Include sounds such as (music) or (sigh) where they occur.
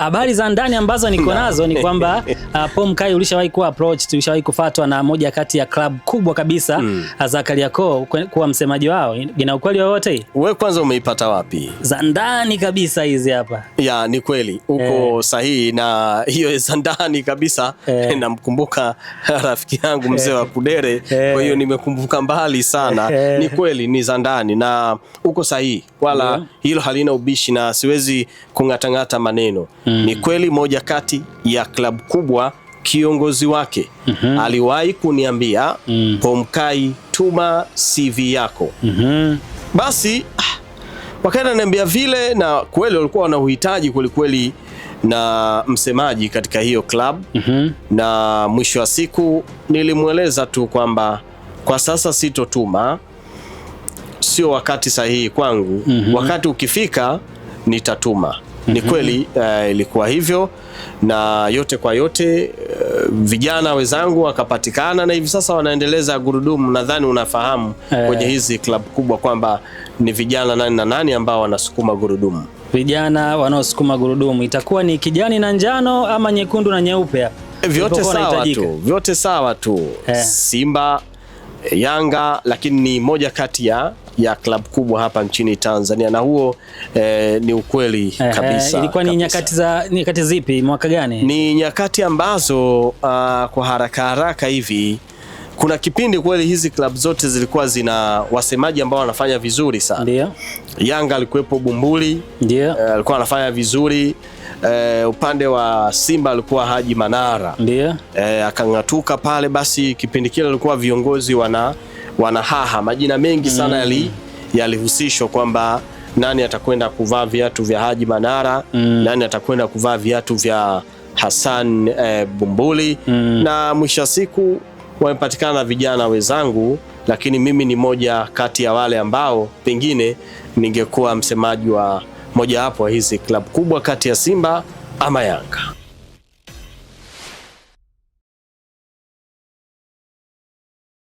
Habari za ndani ambazo niko nazo ni kwamba (laughs) uh, Pomkai ulishawahi kuwa approach, tulishawahi kufatwa na moja kati ya club kubwa kabisa mm, uh, za Kariakoo kuwa msemaji wao. Ina ukweli wowote hii? Wewe kwanza umeipata wapi? Za ndani kabisa hizi hapa. Ya, ni kweli uko eh, sahihi na hiyo za ndani kabisa eh, (laughs) namkumbuka rafiki yangu mzee eh. wa Kudere eh, kwa hiyo nimekumbuka mbali sana eh, ni kweli ni za ndani na uko sahihi, wala mm. hilo halina ubishi na siwezi kung'atang'ata maneno mm. Ni kweli moja kati ya klabu kubwa kiongozi wake mm -hmm. aliwahi kuniambia mm. Pomkai, tuma CV yako mm -hmm. Basi ah, wakaenda niambia vile, na kweli walikuwa wana uhitaji kwelikweli na msemaji katika hiyo klabu mm -hmm. na mwisho wa siku nilimweleza tu kwamba kwa sasa sitotuma, sio wakati sahihi kwangu mm -hmm. wakati ukifika nitatuma. Ni kweli uh, ilikuwa hivyo na yote kwa yote uh, vijana wenzangu wakapatikana na hivi sasa wanaendeleza gurudumu. Nadhani unafahamu eh, kwenye hizi klabu kubwa kwamba ni vijana nani na nani ambao wanasukuma gurudumu. Vijana wanaosukuma gurudumu itakuwa ni kijani na njano ama nyekundu na nyeupe? Eh, vyote sawa tu, vyote sawa tu eh. Simba Yanga, lakini ni moja kati ya ya klabu kubwa hapa nchini Tanzania na huo eh, ni ukweli kabisa. Ilikuwa ni nyakati za nyakati zipi, mwaka gani? Ni nyakati ambazo uh, kwa haraka haraka hivi kuna kipindi kweli hizi klabu zote zilikuwa zina wasemaji ambao wanafanya vizuri sana. Ndio. Yanga alikuwepo Bumbuli. Ndio. Eh, alikuwa anafanya vizuri eh, upande wa Simba alikuwa Haji Manara ndio eh, akang'atuka pale. Basi kipindi kile alikuwa viongozi wana wanahaha majina mengi sana mm. yalihusishwa kwamba nani atakwenda kuvaa viatu vya Haji Manara mm. nani atakwenda kuvaa viatu vya Hassan e, Bumbuli mm. na mwisho wa siku wamepatikana na vijana wenzangu, lakini mimi ni moja kati ya wale ambao pengine ningekuwa msemaji wa mojawapo ya hizi klabu kubwa kati ya Simba ama Yanga.